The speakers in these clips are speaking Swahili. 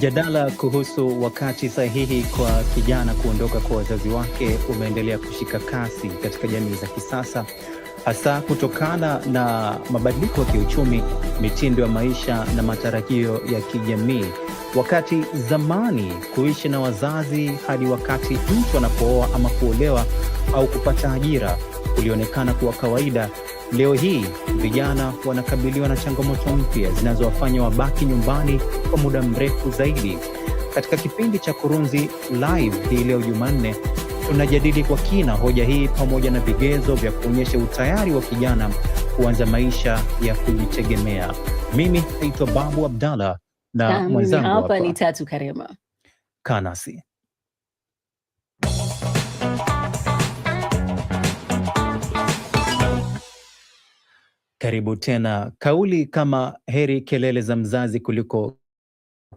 Mjadala kuhusu wakati sahihi kwa kijana kuondoka kwa wazazi wake umeendelea kushika kasi katika jamii za kisasa, hasa kutokana na mabadiliko ya kiuchumi, mitindo ya maisha na matarajio ya kijamii. Wakati zamani kuishi na wazazi hadi wakati mtu anapooa ama kuolewa au kupata ajira ulionekana kuwa kawaida, leo hii vijana wanakabiliwa na changamoto mpya zinazowafanya wabaki nyumbani kwa muda mrefu zaidi. Katika kipindi cha Kurunzi Live hii leo Jumanne, tunajadili kwa kina hoja hii pamoja na vigezo vya kuonyesha utayari wa kijana kuanza maisha ya kujitegemea. Mimi naitwa Babu Abdalla na mwenzangu hapa ni Tatu Karema Kanasi. Karibu tena. Kauli kama heri kelele za mzazi kuliko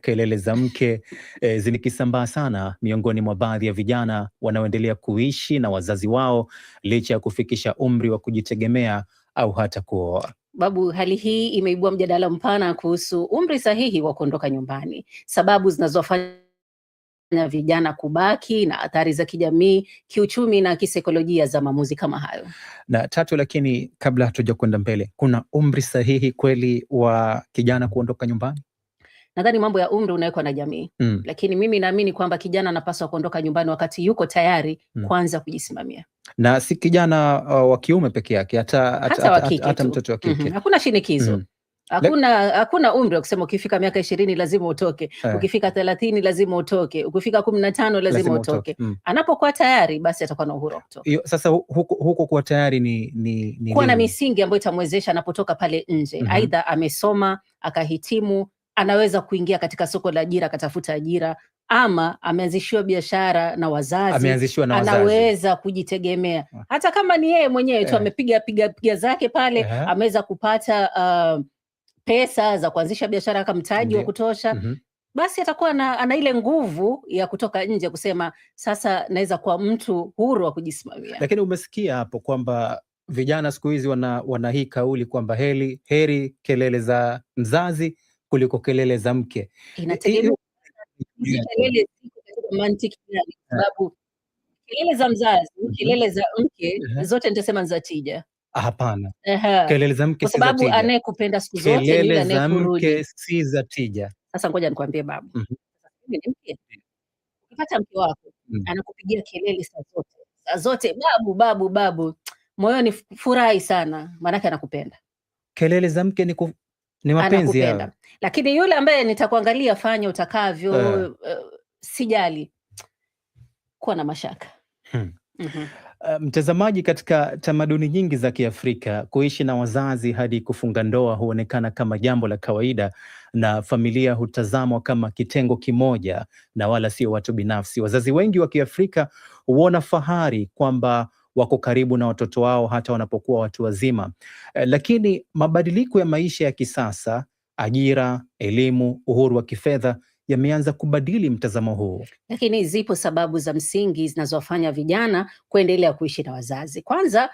kelele za mke e, eh, zimekisambaa sana miongoni mwa baadhi ya vijana wanaoendelea kuishi na wazazi wao licha ya kufikisha umri wa kujitegemea au hata kuoa. Babu, hali hii imeibua mjadala mpana kuhusu umri sahihi wa kuondoka nyumbani, sababu zinazofanya na vijana kubaki na athari za kijamii, kiuchumi na kisaikolojia za maamuzi kama hayo. Na tatu, lakini kabla hatuja kwenda mbele, kuna umri sahihi kweli wa kijana kuondoka nyumbani? Nadhani mambo ya umri unawekwa na jamii mm. Lakini mimi naamini kwamba kijana anapaswa kuondoka nyumbani wakati yuko tayari mm. kuanza kujisimamia na si kijana uh, wa kiume peke yake, hata hata mtoto wa kike. Mm-hmm. Hakuna shinikizo mm. Hakuna hakuna umri wa kusema ukifika miaka ishirini lazima utoke yeah. Ukifika thelathini lazima utoke, ukifika kumi na tano lazima utoke mm. Anapokuwa tayari basi atakuwa na uhuru wa kutoka. Sasa huko, huko kuwa tayari ni, ni, ni kuwa na misingi ambayo itamwezesha anapotoka pale nje mm -hmm. Aidha amesoma akahitimu, anaweza kuingia katika soko la ajira akatafuta ajira ama ameanzishiwa biashara na wazazi, na anaweza wazazi. kujitegemea ah. hata kama ni yeye mwenyewe tu yeah. amepiga piga piga zake pale yeah. ameweza kupata uh, pesa za kuanzisha biashara aka mtaji wa kutosha mm -hmm. Basi atakuwa na, ana ile nguvu ya kutoka nje kusema sasa naweza kuwa mtu huru wa kujisimamia. Lakini umesikia hapo kwamba vijana siku hizi wana, wana hii kauli kwamba heri, heri kelele za mzazi kuliko kelele za mke. kelele ah. kelele za mzazi, mhm. kelele za mke zote nitasema ni za tija Ah, hapana. Kelele za mke sababu anayekupenda siku zote kelele za mke si za tija. Sasa ngoja nikwambie babu, mhm. ukipata mke wako mm. anakupigia kelele saa zote saa zote, babu babu babu, moyoni furahi sana, maanake anakupenda. Kelele za mke ni, ku... ni mapenzi yao. Lakini yule ambaye nitakuangalia fanya utakavyo, uh. Uh, sijali, kuwa na mashaka hmm. mm -hmm. Eh, mtazamaji, um, katika tamaduni nyingi za Kiafrika kuishi na wazazi hadi kufunga ndoa huonekana kama jambo la kawaida na familia hutazamwa kama kitengo kimoja na wala sio watu binafsi. Wazazi wengi wa Kiafrika huona fahari kwamba wako karibu na watoto wao hata wanapokuwa watu wazima. Eh, lakini mabadiliko ya maisha ya kisasa, ajira, elimu, uhuru wa kifedha yameanza kubadili mtazamo huu. Lakini zipo sababu za msingi zinazowafanya vijana kuendelea kuishi na wazazi. Kwanza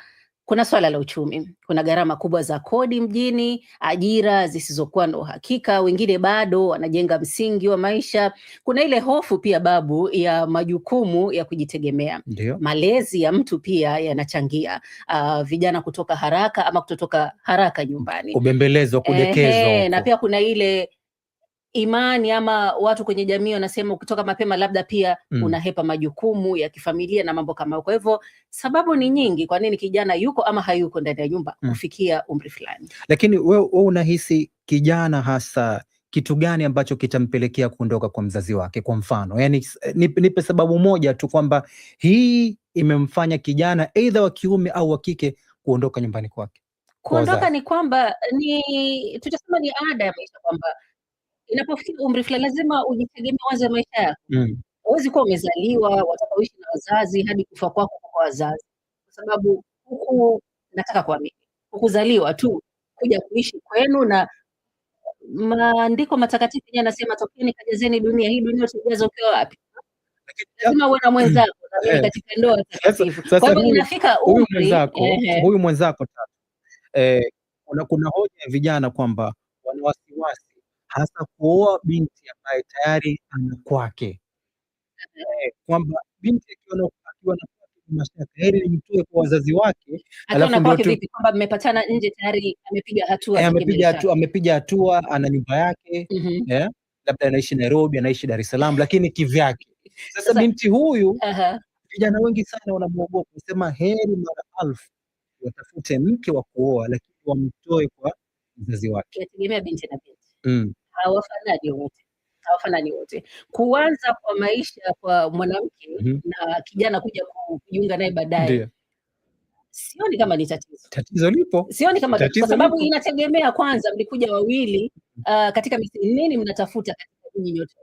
kuna swala la uchumi, kuna gharama kubwa za kodi mjini, ajira zisizokuwa na uhakika, wengine bado wanajenga msingi wa maisha. Kuna ile hofu pia babu ya majukumu ya kujitegemea. Ndiyo. malezi ya mtu pia yanachangia uh, vijana kutoka haraka ama kutotoka haraka nyumbani, kubembelezwa, kudekezwa, na pia kuna ile imani ama watu kwenye jamii wanasema ukitoka mapema labda pia mm. unahepa majukumu ya kifamilia na mambo kama hayo. Kwa hivyo sababu ni nyingi kwa nini kijana yuko ama hayuko ndani ya nyumba mm. kufikia umri fulani. Lakini wewe unahisi kijana hasa kitu gani ambacho kitampelekea kuondoka kwa mzazi wake? Kwa mfano, yani eh, nipe sababu moja tu kwamba hii imemfanya kijana aidha wa kiume au wa kike kuondoka nyumbani kwake. Kuondoka ni kwamba ni tutasema ni ada ya maisha kwamba inapofikia umri fulani lazima ujitegemee kwanza maisha yako. Mm. Huwezi kuwa umezaliwa wataka uishi na wazazi hadi kufa kwako kwa wazazi, kwa sababu huku nataka kuamini hukuzaliwa tu kuja kuishi kwenu, na maandiko matakatifu yenyewe anasema tokeni, kajazeni dunia hii, dunia tujaza ukiwa wapi? Lazima uwe na mwenzako katika ndoa takatifu. Kwa hivyo inafika umri huyu mwenzako tatu, eh, kuna hoja ya vijana kwamba wana wasiwasi hasa kuoa binti ambaye tayari ana kwake, eh, kwamba binti akiwa na mashaka heri nimtoe kwa wazazi wake, alafu kwamba mmepatana nje tayari amepiga hatua, eh, amepiga hatua, amepiga hatua, ana nyumba yake mhm. eh, labda anaishi Nairobi, anaishi Dar es Salaam, lakini kivyake. Sasa binti huyu, vijana wengi sana wanamuogopa, wanasema heri mara alfu watafute mke wa kuoa, lakini wamtoe kwa mzazi wake. Inategemea binti na binti. Mm hawafanani wote hawafanani wote. Kuanza kwa maisha kwa mwanamke mm-hmm. na kijana kuja kujiunga naye baadaye sioni kama ni tatizo. Tatizo lipo, sioni kama tatizo, kwa sababu inategemea kwanza, mlikuja wawili uh, katika misi, nini mnatafuta katika nyinyi nyote?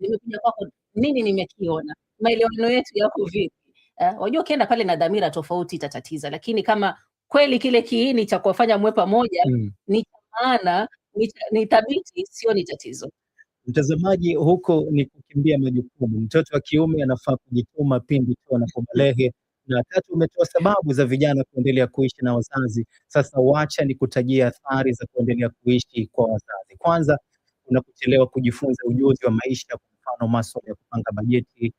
Nimekuja kwako, nini nimekiona? Maelewano yetu yako vipi? Uh, wajua ukienda pale na dhamira tofauti itatatiza, lakini kama kweli kile kiini cha kuwafanya mwe pamoja mm. ni maana ni thabiti, sio ni tatizo. Mtazamaji, huko ni kukimbia majukumu. Mtoto wa kiume anafaa kujituma pindi tu anapobalehe. Na tatu, umetoa sababu za vijana kuendelea kuishi na wazazi. Sasa wacha ni kutajia athari za kuendelea kuishi kwa wazazi. Kwanza, kuna kuchelewa kujifunza ujuzi wa maisha, kwa mfano masuala ya kupanga bajeti,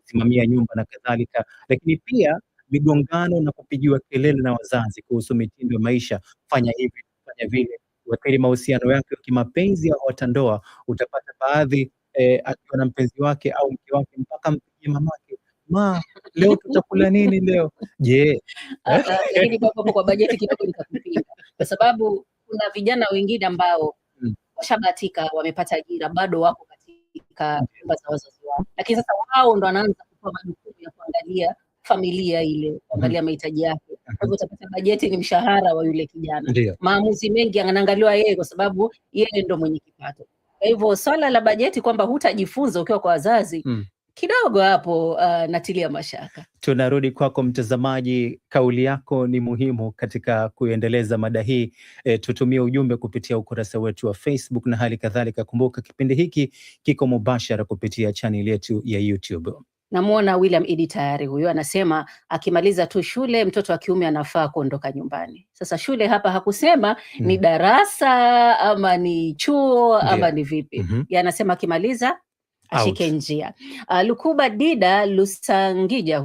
kusimamia nyumba na kadhalika, lakini pia migongano na kupigiwa kelele na wazazi kuhusu mitindo ya maisha, fanya hivi, fanya vile kuathiri mahusiano yake ya kimapenzi au watandoa. Utapata baadhi eh, akiwa na mpenzi wake au mke wake mpaka mpigie mamake ma leo tutakula nini leo? Je, eh? ah, ah, lakini kwa bajeti kidogo nitakupinga, kwa sababu kuna vijana wengine ambao hmm. washabahatika wamepata ajira, bado wako katika nyumba za wazazi wao, lakini sasa wao ndo wanaanza kupewa majukumu ya kuangalia familia ile, kuangalia hmm. mahitaji yake hivyo utapata bajeti ni mshahara wa yule kijana. Maamuzi mengi yanaangaliwa yeye, kwa sababu yeye ndo mwenye kipato. Kwa hivyo swala la bajeti kwamba hutajifunza ukiwa kwa wazazi mm kidogo hapo, uh, natilia mashaka. Tunarudi kwako mtazamaji, kauli yako ni muhimu katika kuendeleza mada hii. E, tutumie ujumbe kupitia ukurasa wetu wa Facebook na hali kadhalika. Kumbuka kipindi hiki kiko mubashara kupitia chaneli yetu ya YouTube. Namwona William Idi tayari huyo, anasema akimaliza tu shule mtoto wa kiume anafaa kuondoka nyumbani. Sasa shule hapa hakusema mm. ni mm-hmm. darasa ama ni chuo ama ni vipi mm -hmm. Anasema akimaliza ashike njia. Uh, Lukuba Dida Lusangija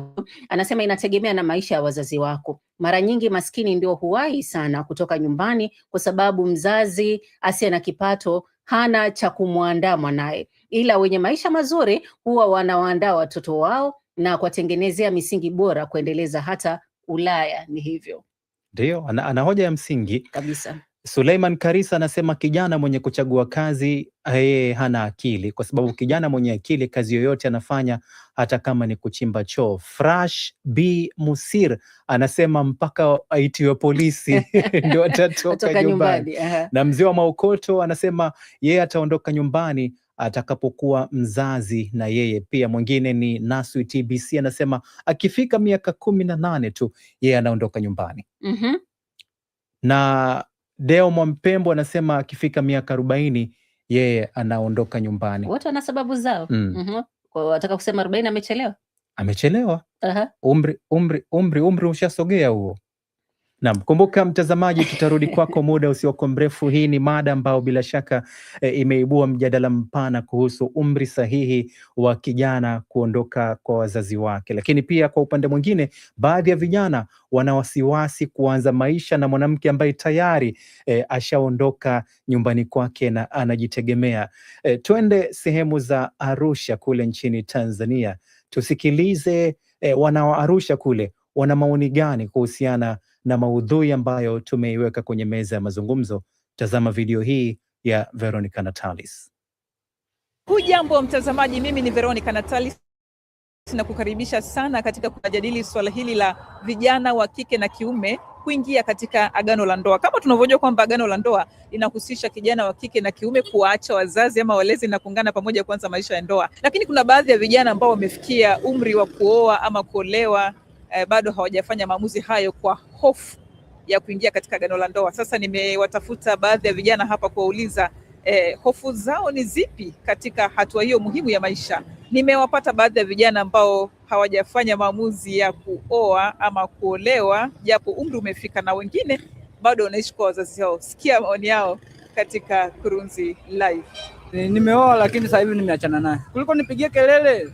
anasema inategemea na maisha ya wazazi wako. Mara nyingi maskini ndio huwahi sana kutoka nyumbani kwa sababu mzazi asiye na kipato hana cha kumwandaa mwanaye ila wenye maisha mazuri huwa wanawaandaa watoto wao na kuwatengenezea misingi bora kuendeleza. Hata Ulaya ni hivyo. ndio ana, ana hoja ya msingi kabisa. Suleiman Karisa anasema kijana mwenye kuchagua kazi yeye hana akili, kwa sababu kijana mwenye akili kazi yoyote anafanya, hata kama ni kuchimba choo. Frash B Musir anasema mpaka aitiwe polisi ndio atatoka nyumbani, nyumbani. Na mzee wa Maokoto anasema yeye ataondoka nyumbani atakapokuwa mzazi na yeye pia. Mwingine ni Naswi TBC anasema akifika miaka kumi na nane tu yeye anaondoka nyumbani. mm -hmm. na Deo Mwampembo anasema akifika miaka arobaini yeye anaondoka nyumbani. Wote wana sababu zao. mm. mm -hmm. Kwa wataka kusema arobaini amechelewa, amechelewa. uh -huh. Umri, umri, umri, umri ushasogea huo. Naam, kumbuka mtazamaji, tutarudi kwako muda usioko mrefu. Hii ni mada ambayo bila shaka e, imeibua mjadala mpana kuhusu umri sahihi wa kijana kuondoka kwa wazazi wake, lakini pia kwa upande mwingine, baadhi ya vijana wana wasiwasi kuanza maisha na mwanamke ambaye tayari e, ashaondoka nyumbani kwake na anajitegemea. E, twende sehemu za Arusha kule nchini Tanzania tusikilize e, wana wa Arusha kule wana maoni gani kuhusiana na maudhui ambayo tumeiweka kwenye meza ya mazungumzo. Tazama video hii ya Veronica Natalis. Hujambo mtazamaji, mimi ni Veronica Natalis na kukaribisha sana katika kujadili swala hili la vijana wa kike na kiume kuingia katika agano la ndoa. Kama tunavyojua kwamba agano la ndoa linahusisha kijana wa kike na kiume kuwaacha wazazi ama walezi na kuungana pamoja kuanza maisha ya ndoa, lakini kuna baadhi ya vijana ambao wamefikia umri wa kuoa ama kuolewa eh, bado hawajafanya maamuzi hayo kwa hofu ya kuingia katika agano la ndoa. Sasa nimewatafuta baadhi ya vijana hapa kuwauliza eh, hofu zao ni zipi katika hatua hiyo muhimu ya maisha. Nimewapata baadhi ya vijana ambao hawajafanya maamuzi ya kuoa ama kuolewa, japo umri umefika, na wengine bado wanaishi kwa wazazi wao. Sikia maoni yao katika Kurunzi Live. Eh, nimeoa lakini sasa hivi nimeachana naye, kuliko nipigie kelele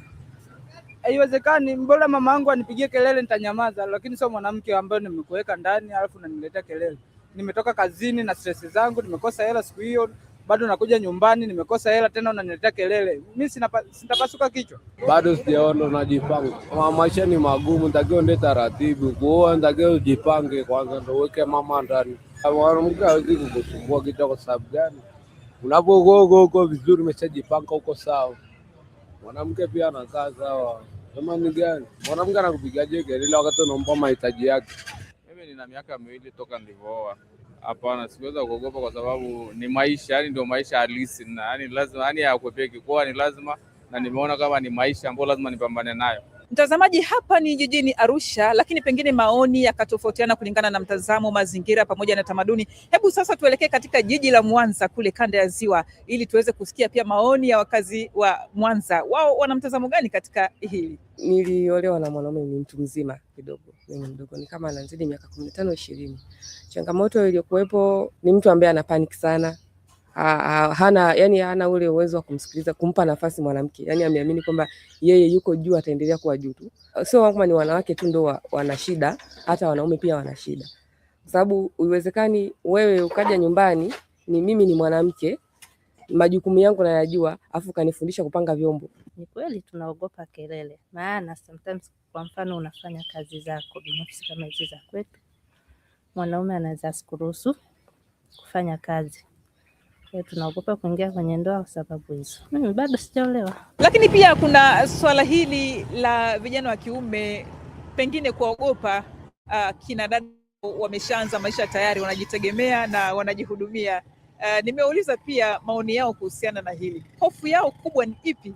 haiwezekani. mbona mama yangu anipigie kelele, nitanyamaza, lakini sio mwanamke ambaye nimekuweka ndani alafu unaniletea kelele. Nimetoka kazini na stress zangu, nimekosa hela siku hiyo, bado nakuja nyumbani, nimekosa hela tena unaniletea kelele. Mimi sitapasuka kichwa, bado sijaona. Najipanga, maisha ni magumu, nitakiwa ndio taratibu kuoa, nitakiwa ujipange kwanza, ndio uweke mama ndani. Mwanamke hawezi kukusumbua kichwa. Kwa sababu gani? Unapokuwa uko vizuri, umeshajipanga, uko sawa, mwanamke pia anakaa sawa. Jamani gani? Mwanamke anakupigaje gari la wakati unampa mahitaji yake? Mimi nina miaka miwili toka nilipooa. Hapana, sikuweza kuogopa kwa sababu ni maisha, yani ndio maisha halisi na yani lazima yani yakwepeki kwa ni lazima na nimeona kama ni maisha ambayo lazima nipambane nayo. Mtazamaji, hapa ni jijini Arusha, lakini pengine maoni yakatofautiana kulingana na mtazamo, mazingira pamoja na tamaduni. Hebu sasa tuelekee katika jiji la Mwanza kule kanda ya Ziwa ili tuweze kusikia pia maoni ya wakazi wa Mwanza, wao wana mtazamo gani katika hili? Niliolewa na mwanaume ni mtu mzima kidogo, mimi mdogo, ni kama anazidi miaka kumi na tano ishirini. Changamoto iliyokuwepo ni mtu ambaye ana panic sana ha, hana yani hana ule uwezo wa kumsikiliza kumpa nafasi mwanamke, yani ameamini kwamba yeye yuko juu, ataendelea kuwa juu tu. Sio kama ni wanawake tu ndo wana shida, hata wanaume pia wana shida, kwa sababu uiwezekani wewe ukaja nyumbani, ni mimi ni mwanamke, majukumu yangu nayajua, afu kanifundisha kupanga vyombo. Ni kweli tunaogopa kelele, maana sometimes, kwa mfano, unafanya kazi zako binafsi kama hizi za kwetu, mwanaume anaweza asikuruhusu kufanya kazi tunaogopa kuingia kwenye ndoa kwa sababu hizo. Mimi bado sijaolewa. Lakini pia kuna swala hili la vijana wa kiume pengine kuogopa uh, kina dada wameshaanza maisha tayari, wanajitegemea na wanajihudumia. Uh, nimeuliza pia maoni yao kuhusiana na hili, hofu yao kubwa ni ipi?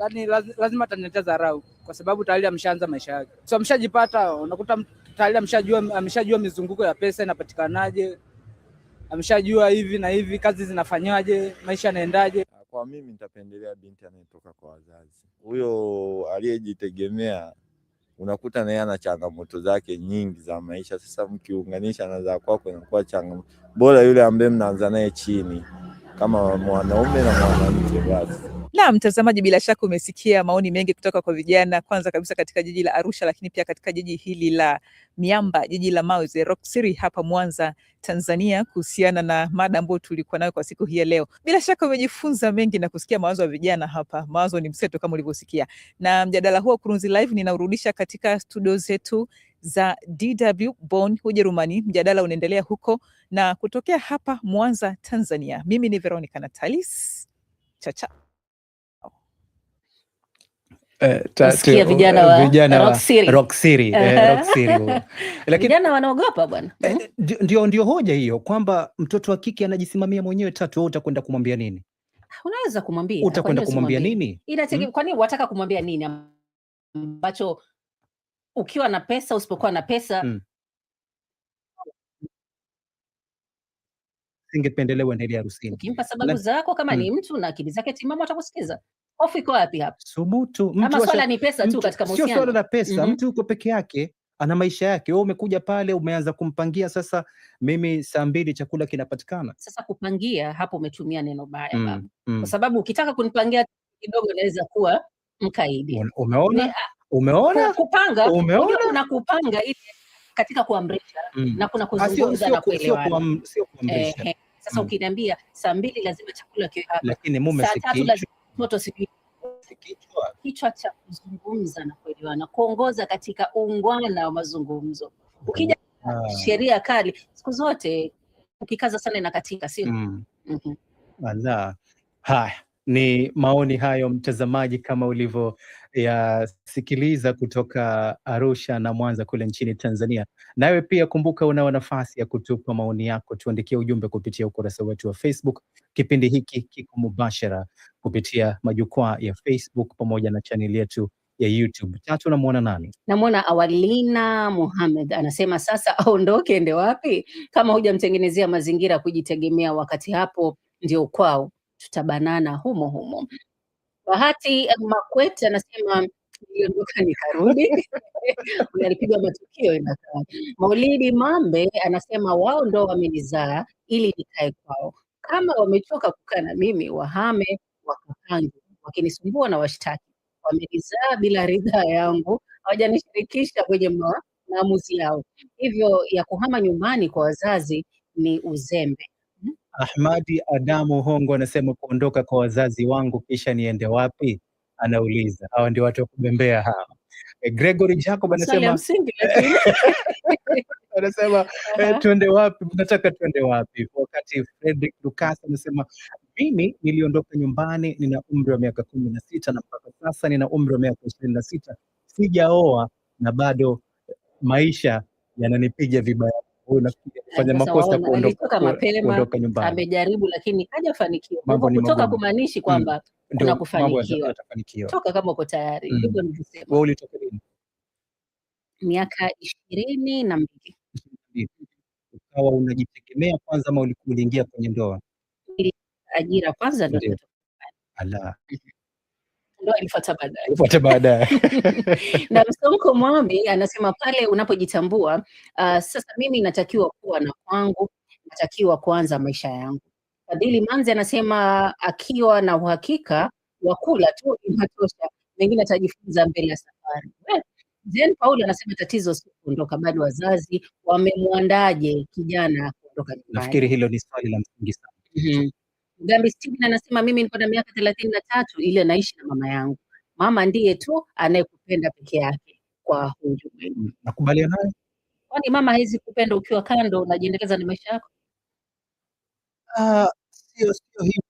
Yaani lazima ataniletea dharau kwa sababu tayari ameshaanza maisha yake, so ameshajipata. Unakuta tayari ameshajua, ameshajua mizunguko ya pesa inapatikanaje ameshajua hivi na hivi kazi zinafanywaje, maisha yanaendaje. Kwa mimi nitapendelea binti anayetoka kwa wazazi, huyo aliyejitegemea unakuta naye ana changamoto zake nyingi za maisha. Sasa mkiunganisha na za kwako inakuwa changamoto. Bora yule ambaye mnaanza naye chini kama mwanaume na mwanamke basi. Na mtazamaji, bila shaka umesikia maoni mengi kutoka kwa vijana, kwanza kabisa katika jiji la Arusha, lakini pia katika jiji hili la miamba, jiji la mawe, the Rock City hapa Mwanza, Tanzania, kuhusiana na mada ambayo tulikuwa nayo kwa siku hii ya leo. Bila shaka umejifunza mengi na kusikia mawazo ya vijana hapa. Mawazo ni mseto kama ulivyosikia, na mjadala huu wa Kurunzi Live ninaurudisha katika studio zetu za DW Bonn Ujerumani. Mjadala unaendelea huko na kutokea hapa Mwanza, Tanzania. Mimi ni Veronica Natalis Chacha. Eh, mhm. ndio ndio hoja hiyo kwamba mtoto wa kike anajisimamia mwenyewe. Tatu, wewe utakwenda kumwambia nini? Unaweza kumwambia, utakwenda kumwambia nini? Inategemea. Hmm? Kwa nini wataka kumwambia nini ambacho ukiwa na pesa, usipokuwa na pesa hmm. Singependelewa ndani ya harusi Ukimpa sababu zako kama hmm. ni mtu na akili zake timamu atakusikiza. Hofu iko wapi hapa? Subutu. Ama swala ni pesa tu katika mahusiano. Sio swala la pesa, mm -hmm. Mtu uko peke yake ana maisha yake. Wewe umekuja pale umeanza kumpangia sasa, mimi saa mbili chakula kinapatikana. Sasa kupangia hapo umetumia neno baya mm, baba mm. Kwa sababu ukitaka kunipangia kidogo naweza kuwa mkaidi. Umeona, umeona kupanga, umeona kuna kupanga ili katika kuamrisha mm. na kuna ah, kuzungumza na kuelewana, sio kuamrisha. Sasa mm. ukiniambia saa mbili lazima chakula kiwe hapa, lakini mume sikii moto kichwa, kichwa cha kuzungumza na kuelewana, kuongoza katika uungwana wa mazungumzo. Ukija ah. sheria kali siku zote, ukikaza sana inakatika, sio? mm. mm -hmm. Haya ni maoni hayo, mtazamaji, kama ulivyoyasikiliza kutoka Arusha na Mwanza kule nchini Tanzania. Nawe pia kumbuka, unao nafasi ya kutupa maoni yako, tuandikie ujumbe kupitia ukurasa wetu wa Facebook. Kipindi hiki kiko mubashara kupitia majukwaa ya Facebook pamoja na chaneli yetu ya YouTube. Tatu, namwona nani? Namwona Awalina Muhamed anasema sasa aondoke, ende wapi kama hujamtengenezea mazingira kujitegemea, wakati hapo ndio kwao, tutabanana humo humo. Bahati Makwet anasema niliondoka nikarudi. Alipigwa matukio inakaa. Maulidi Mambe anasema wao ndo wamenizaa ili nikae kwao, kama wamechoka kukaa na mimi wahame wakakangu wakinisumbua na washtaki, wamelizaa bila ridhaa yangu, hawajanishirikisha kwenye maamuzi yao. Hivyo ya kuhama nyumbani kwa wazazi ni uzembe. Hmm? Ahmadi Adamu Hongo anasema kuondoka kwa wazazi wangu kisha niende wapi? Anauliza, hawa ndio watu wa kubembea hawa. Eh, Gregory Jacob anasema anasema eh, tuende wapi? Mnataka tuende wapi? Wakati Frederick lukas anasema mimi niliondoka nyumbani, nina umri wa miaka kumi na sita na mpaka sasa nina umri wa miaka ishirini na sita sijaoa na bado maisha yananipiga vibaya. Fanya makosa kuondoka mapema, nyumbani. Amejaribu lakini hajafanikiwa. Kutoka kumaanishi mm. kwamba mm, kuna kufanikiwa. Toka kama uko tayari mm. ulitoka lini? Miaka ishirini na mbili. Ukawa unajitegemea kwanza ama uliingia kwenye ndoa? ajira kwanza ndio ala mhm. ilifuata baadaye, baadaye. na msomko Mwami anasema pale unapojitambua, uh, sasa mimi natakiwa kuwa na kwangu, natakiwa kuanza maisha yangu. Fadhili Manzi anasema akiwa na uhakika wa kula tu inatosha, mengine atajifunza mbele ya safari. Zen Paul anasema tatizo si kuondoka, bado wazazi wamemwandaje kijana kuondoka nyumbani. Nafikiri hilo ni swali la msingi sana. mm -hmm. Gambi Steven anasema mimi niko na miaka thelathini na tatu ili naishi na mama yangu. Mama ndiye tu anayekupenda peke yake kwa huu ulimwengu. Mm, nakubaliana naye. Kwani mama hawezi kupenda ukiwa kando unajiendeleza na maisha yako? Ah, sio sio hivyo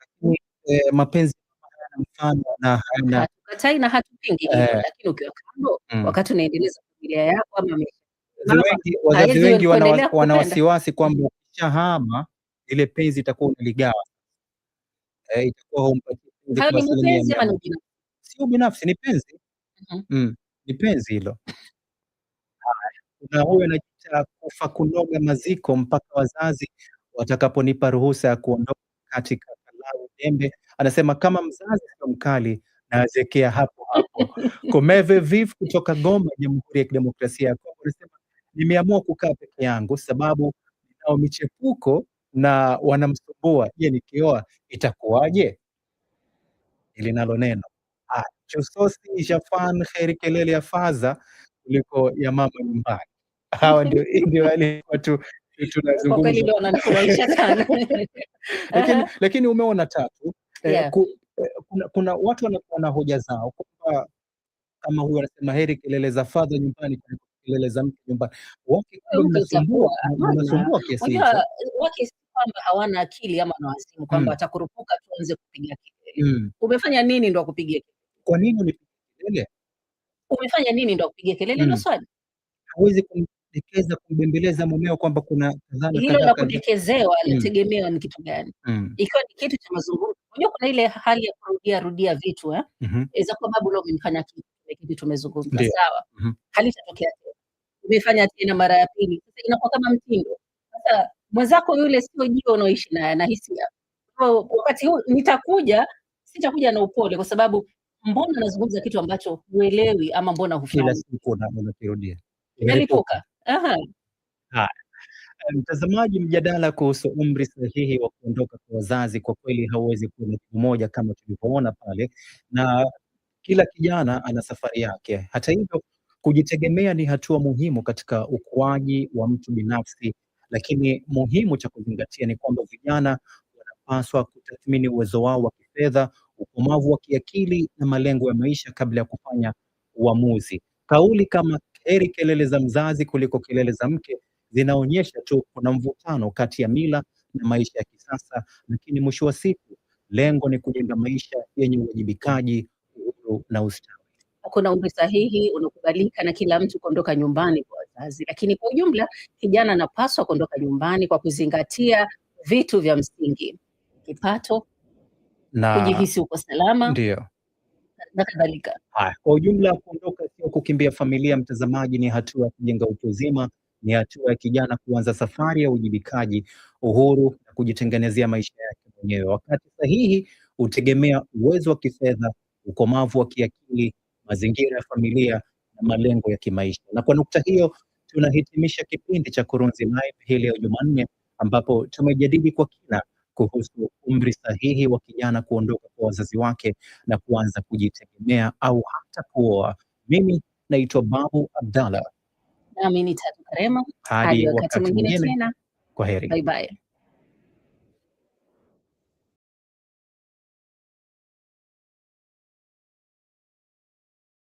lakini eh, mapenzi hayana mfano na hayana hatukatai na hatupingi eh, lakini ukiwa kando mm. wakati unaendeleza familia yako ama maisha wazazi wengi wana wasiwasi kwamba ukishahama ile penzi itakuwa unaligawa eh, itakuwa binafsi? Sio binafsi, ni penzi mm, mm, ni penzi hilo. Kuna huyo anajita kufa kunoga maziko, mpaka wazazi watakaponipa ruhusa ya kuondoka katika kalau jembe. Anasema kama mzazi sio mkali nawezekea hapo hapo. Komeve Viv kutoka Goma, Jamhuri ya Kidemokrasia ya Kongo, anasema nimeamua kukaa peke yangu sababu ninao michepuko na wanamsumbua. Je, nikioa itakuwaje? Ili nalo neno ah, chusosi jafan heri kelele ya faza kuliko ya mama nyumbani. Hawa ndio ndio wale watu tunazungumza, lakini lakini umeona tatu eh, yeah. eh, ku, eh, kuna, kuna watu wanakuwa na hoja zao kwamba kama huyu anasema heri kelele za fadha nyumbani kuliko kelele za mtu nyumbani. Unasumbua kiasi hicho. Wake si kwamba hawana akili ama na wazimu kwamba watakurupuka mm. tu anze kupiga mm. kelele. Umefanya nini ndo akupigia kelele? Kwa nini unipiga mm. kelele? Umefanya nini ndo akupigia kelele? Ndio swali. Hawezi kumtekeza kumbembeleza mumeo kwamba kuna dhana hilo la kudekezewa linategemewa ni kitu gani? Ikiwa ni kitu cha mazungumzo, unajua kuna ile hali ya kurudia rudia vitu eh, mm -hmm. eza eh, kwa sababu leo umemfanya kitu kile tumezungumza, sawa, mm -hmm. halitatokea tena umefanya tena mara ya pili, sasa inakuwa kama mtindo. Sasa mwenzako yule sio jiwe unaoishi naye na hisia. Wakati huu nitakuja, sitakuja na upole, kwa sababu mbona unazungumza kitu ambacho huelewi ama mbona hufanya Kila siku unakirudia, imelipuka. Aha, eh, Mtazamaji, mjadala kuhusu umri sahihi wa kuondoka kwa wazazi kwa kweli hauwezi kuwa na jibu moja kama tulivyoona pale, na kila kijana ana safari yake. Hata hivyo, Kujitegemea ni hatua muhimu katika ukuaji wa mtu binafsi, lakini muhimu cha kuzingatia ni kwamba vijana wanapaswa kutathmini uwezo wao wa kifedha, ukomavu wa kiakili na malengo ya maisha kabla ya kufanya uamuzi. Kauli kama heri kelele za mzazi kuliko kelele za mke zinaonyesha tu kuna mvutano kati ya mila na maisha ya kisasa, lakini mwisho wa siku lengo ni kujenga maisha yenye uwajibikaji, uhuru na ustawi hakuna umri sahihi unakubalika na kila mtu kuondoka nyumbani kwa wazazi, lakini kwa ujumla kijana anapaswa kuondoka nyumbani kwa kuzingatia vitu vya msingi: kipato na kujihisi uko salama, ndio na kadhalika. Haya, kwa ujumla, kuondoka sio kukimbia familia, mtazamaji, ni hatua ya kujenga utu uzima, ni hatua ya kijana kuanza safari ya uwajibikaji, uhuru na kujitengenezea maisha yake mwenyewe. Wakati sahihi hutegemea uwezo wa kifedha, ukomavu wa kiakili mazingira ya familia na malengo ya kimaisha. Na kwa nukta hiyo tunahitimisha kipindi cha Kurunzi Live hii leo Jumanne, ambapo tumejadili kwa kina kuhusu umri sahihi wa kijana kuondoka kwa wazazi wake na kuanza kujitegemea au hata kuoa. Mimi naitwa Babu Abdalla, nami ni Tatu Karema. Hadi wakati mwingine tena, kwa heri, bye bye.